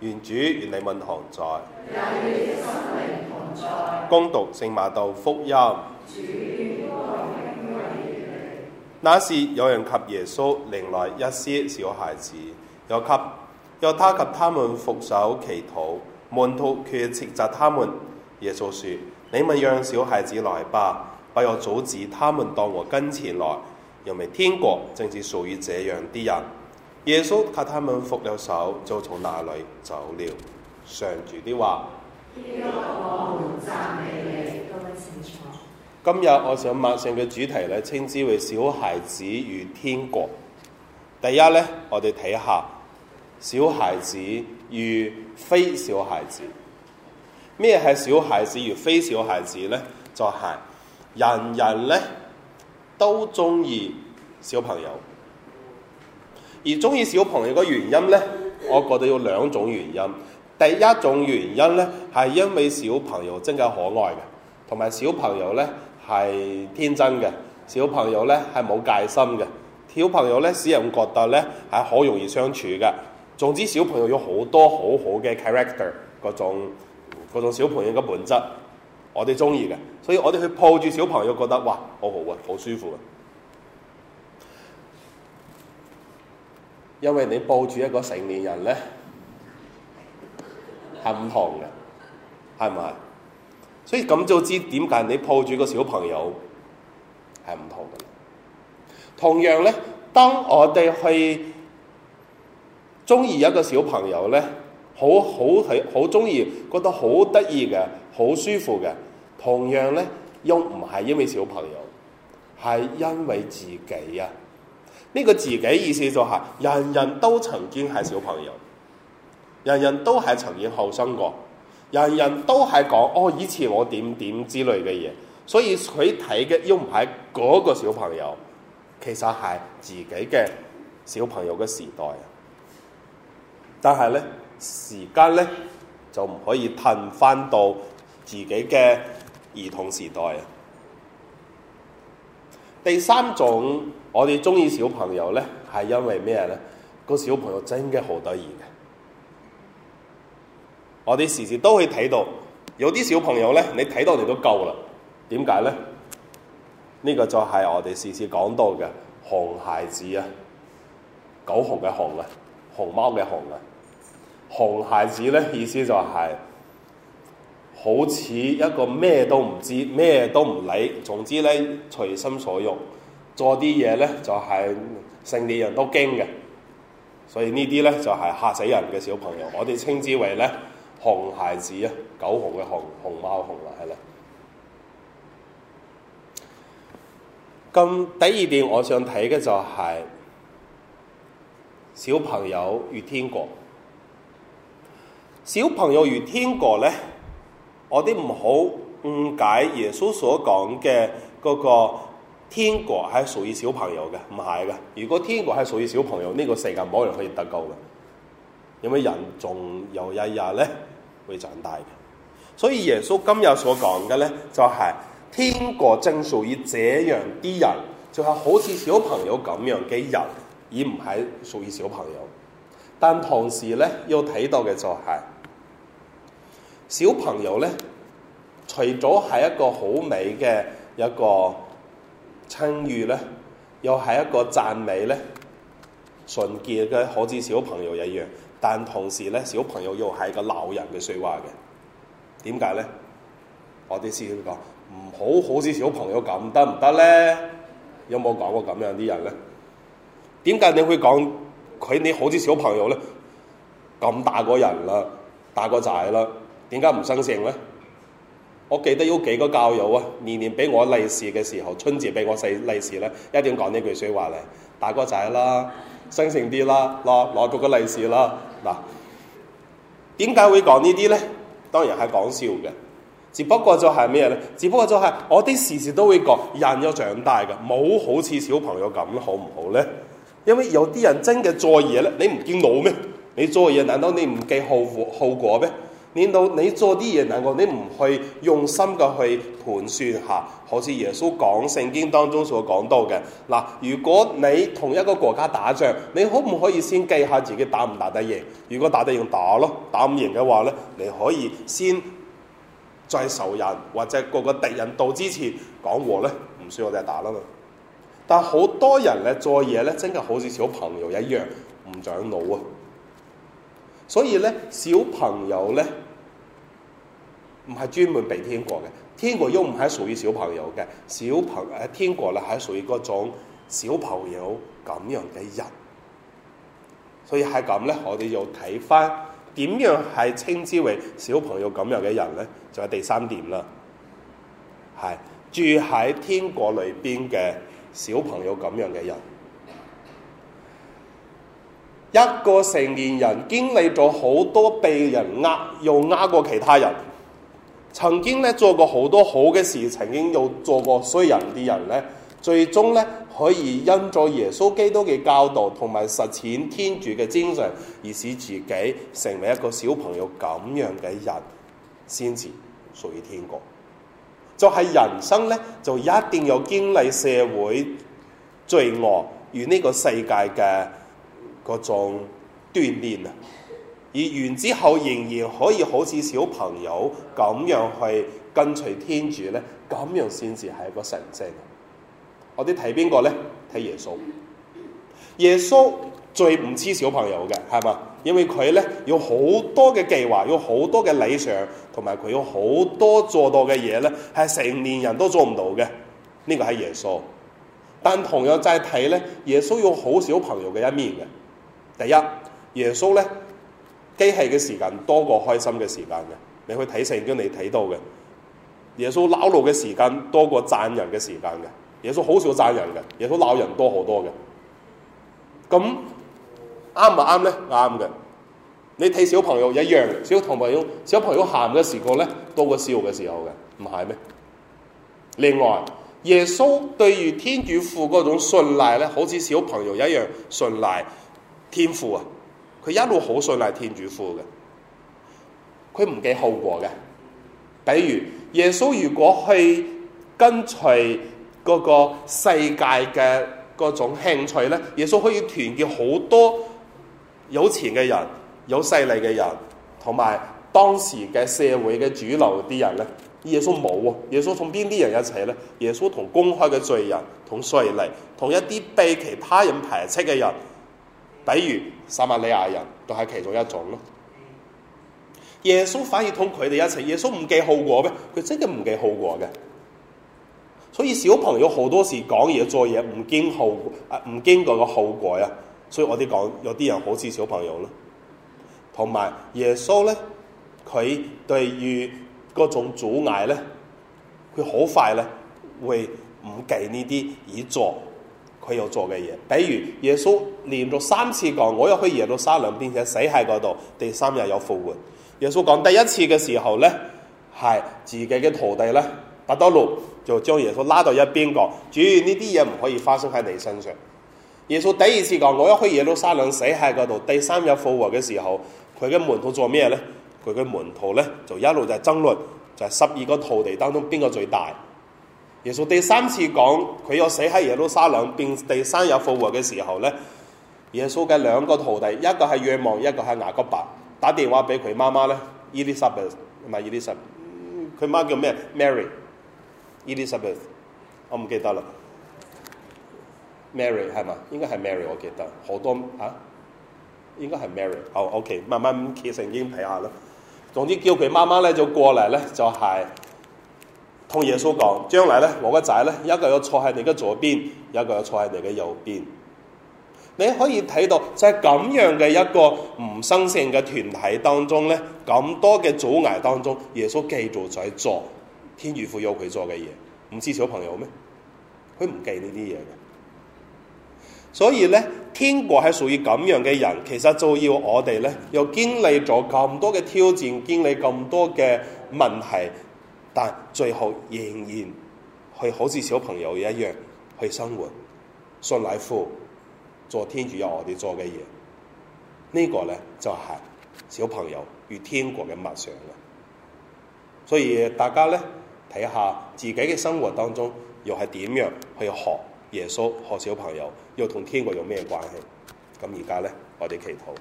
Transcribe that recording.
原主原你運何在，也與生命同在，攻讀聖馬道福音。那時有人及耶穌領來一些小孩子，又及又他及他們覆手祈禱，門徒卻斥責，責他們。耶穌説：你們讓小孩子來吧，不要阻止他們到我跟前來，因為天國正是屬於這樣啲人。耶穌給他們復了手，就從那裏走了。常住啲話。的今日我想晚上嘅主題咧，稱之為小孩子與天國。第一呢，我哋睇下小孩子與非小孩子。咩係小孩子與非小孩子呢？就係、是、人人呢都中意小朋友。而中意小朋友嘅原因呢，我覺得有兩種原因。第一種原因呢，係因為小朋友真係可愛嘅，同埋小朋友呢係天真嘅，小朋友呢係冇戒心嘅，小朋友呢使人覺得呢係好容易相處嘅。總之小朋友有好多好好嘅 character，嗰種嗰種小朋友嘅本質，我哋中意嘅，所以我哋去抱住小朋友，覺得哇，好好啊，好舒服啊！因為你抱住一個成年人呢，係唔同嘅，係唔係？所以咁就知點解你抱住個小朋友係唔同嘅。同樣呢，當我哋去中意一個小朋友呢，好好係好中意，覺得好得意嘅，好舒服嘅。同樣呢，又唔係因為小朋友，係因為自己啊。呢個自己意思就係、是，人人都曾經係小朋友，人人都係曾經後生過，人人都係講哦以前我點點之類嘅嘢，所以佢睇嘅又唔係嗰個小朋友，其實係自己嘅小朋友嘅時代。但係咧，時間咧就唔可以褪返到自己嘅兒童時代啊。第三種。我哋中意小朋友咧，係因為咩咧？個小朋友真嘅好得意嘅。我哋時時都可以睇到，有啲小朋友咧，你睇到你都夠啦。點解咧？呢個就係我哋時時講到嘅熊孩子啊，狗熊嘅熊啊，熊貓嘅熊啊，熊孩子咧意思就係、是、好似一個咩都唔知、咩都唔理，總之咧隨心所欲。做啲嘢咧，就係成年人都驚嘅，所以呢啲咧就係、是、嚇死人嘅小朋友，我哋稱之為咧熊孩子啊，狗熊嘅熊，熊貓熊奶。係啦。咁第二點我想睇嘅就係、是、小朋友與天國。小朋友與天國咧，我哋唔好誤解耶穌所講嘅嗰個。天國係屬於小朋友嘅，唔係嘅。如果天國係屬於小朋友，呢個世界冇人可以得救嘅。因為人仲有一日咧會長大嘅，所以耶穌今日所講嘅咧就係天國正屬於這樣啲人，就係好似小朋友咁樣嘅人，而唔係屬於小朋友。但同時咧，要睇到嘅就係小朋友咧，除咗係一個好美嘅一個。稱譽咧，又係一個讚美咧，純潔嘅好似小朋友一樣，但同時咧，小朋友又係個鬧人嘅說話嘅。點解咧？我啲師兄講唔好好似小朋友咁得唔得咧？有冇講過咁樣啲人咧？點解你會講佢你好似小朋友咧？咁大個人啦，大個仔啦，點解唔生性咧？我記得有幾個教友啊，年年俾我利是嘅時候，春節俾我細利是咧，一定要講呢句説話嚟：「大哥仔啦，生性啲啦，攞攞到個利是啦，嗱，點解會講呢啲咧？當然係講笑嘅，只不過就係咩咧？只不過就係我啲時時都會講，人要長大嘅，冇好似小朋友咁好唔好咧？因為有啲人真嘅做嘢咧，你唔見到咩？你做嘢難道你唔計後，後果後果咩？你到你做啲嘢難過，你唔去用心嘅去盤算下，好似耶穌講聖經當中所講到嘅嗱。如果你同一個國家打仗，你可唔可以先計下自己打唔打得贏？如果打得贏打咯，打唔贏嘅話咧，你可以先在仇人或者個個敵人到之前講和咧，唔需要我哋打啦嘛。但好多人咧，做嘢咧，真係好似小朋友一樣唔長腦啊，所以咧小朋友咧。唔係專門畀天國嘅，天國又唔係屬於小朋友嘅，小朋誒天國咧係屬於嗰種小朋友咁樣嘅人。所以係咁咧，我哋要睇返點樣係稱之為小朋友咁樣嘅人咧，就係第三點啦。係住喺天國裏邊嘅小朋友咁樣嘅人，一個成年人經歷咗好多被人呃，又呃過其他人。曾經咧做過好多好嘅事，曾經又做過衰人啲人咧，最終咧可以因咗耶穌基督嘅教導同埋實踐天主嘅精神，而使自己成為一個小朋友咁樣嘅人，先至屬於天國，就係人生咧，就一定要經歷社會罪惡與呢個世界嘅嗰種鍛鍊啊！而完之後仍然可以好似小朋友咁樣去跟隨天主咧，咁樣先至係一個神聖。我哋睇邊個咧？睇耶穌。耶穌最唔似小朋友嘅，係嘛？因為佢咧有好多嘅計劃，有好多嘅理想，同埋佢有好多做到嘅嘢咧，係成年人都做唔到嘅。呢、呢個係耶穌。但同樣再睇咧，耶穌有好小朋友嘅一面嘅。第一，耶穌咧。機器嘅時間多過開心嘅時間嘅，你去睇聖經，你睇到嘅。耶穌鬧路嘅時間多過讚人嘅時間嘅，耶穌好少讚人嘅，耶穌鬧人多好多嘅，咁啱唔啱咧？啱嘅，你睇小朋友一樣，小朋小朋友小朋友喊嘅時候咧多過笑嘅時候嘅，唔係咩？另外，耶穌對於天主父嗰種信賴咧，好似小朋友一樣信賴天父啊。佢一路好信賴天主父嘅，佢唔計後果嘅。比如耶穌如果去跟隨嗰個世界嘅各種興趣咧，耶穌可以團結好多有錢嘅人、有勢力嘅人，同埋當時嘅社會嘅主流啲人咧。耶穌冇啊，耶穌同邊啲人一齊咧？耶穌同公開嘅罪人、同稅吏、同一啲被其他人排斥嘅人，比如。撒瑪利亞人都係其中一種咯。耶穌反而同佢哋一齊，耶穌唔計後果咩？佢真係唔計後果嘅。所以小朋友好多時講嘢做嘢唔經後啊，唔經過個後果啊。所以我哋講有啲人好似小朋友咯。同埋耶穌咧，佢對於嗰種阻礙咧，佢好快咧會唔計呢啲以作。佢有做嘅嘢，比如耶穌連續三次講，我又去耶路撒冷，並且死喺嗰度，第三日有復活。耶穌講第一次嘅時候咧，係自己嘅徒弟咧，伯多祿就將耶穌拉到一邊講，主，呢啲嘢唔可以發生喺你身上。耶穌第二次講，我一去耶路撒冷死喺嗰度，第三日復活嘅時候，佢嘅門徒做咩咧？佢嘅門徒咧就一路就係爭論，就係、是、十二個徒弟當中邊個最大？耶穌第三次講佢又死喺耶路撒冷，變，第三日復活嘅時候咧，耶穌嘅兩個徒弟，一個係若望，一個係雅各伯，打電話俾佢媽媽咧，Elizabeth 唔係 Elizabeth，佢媽叫咩？Mary，Elizabeth 我唔記得啦。Mary 係嘛？應該係 Mary，我記得好多啊，應該係 Mary 哦。哦，OK，慢慢記成，已經睇下啦。總之叫佢媽媽咧就過嚟咧，就係、是。同耶穌講，將來咧，我個仔咧，一個要坐喺你嘅左邊，一個要坐喺你嘅右邊。你可以睇到，就係咁樣嘅一個唔生性嘅團體當中咧，咁多嘅阻礙當中，耶穌繼續在做天主父要佢做嘅嘢，唔知小朋友咩？佢唔記呢啲嘢嘅，所以咧，天國係屬於咁樣嘅人。其實就要我哋咧，又經歷咗咁多嘅挑戰，經歷咁多嘅問題。但最後仍然去好似小朋友一樣去生活，信賴父，做天主有我哋做嘅嘢，呢個呢，就係小朋友與天國嘅默想啊！所以大家呢，睇下自己嘅生活當中又係點樣去學耶穌學小朋友，又同天國有咩關係？咁而家呢，我哋祈禱。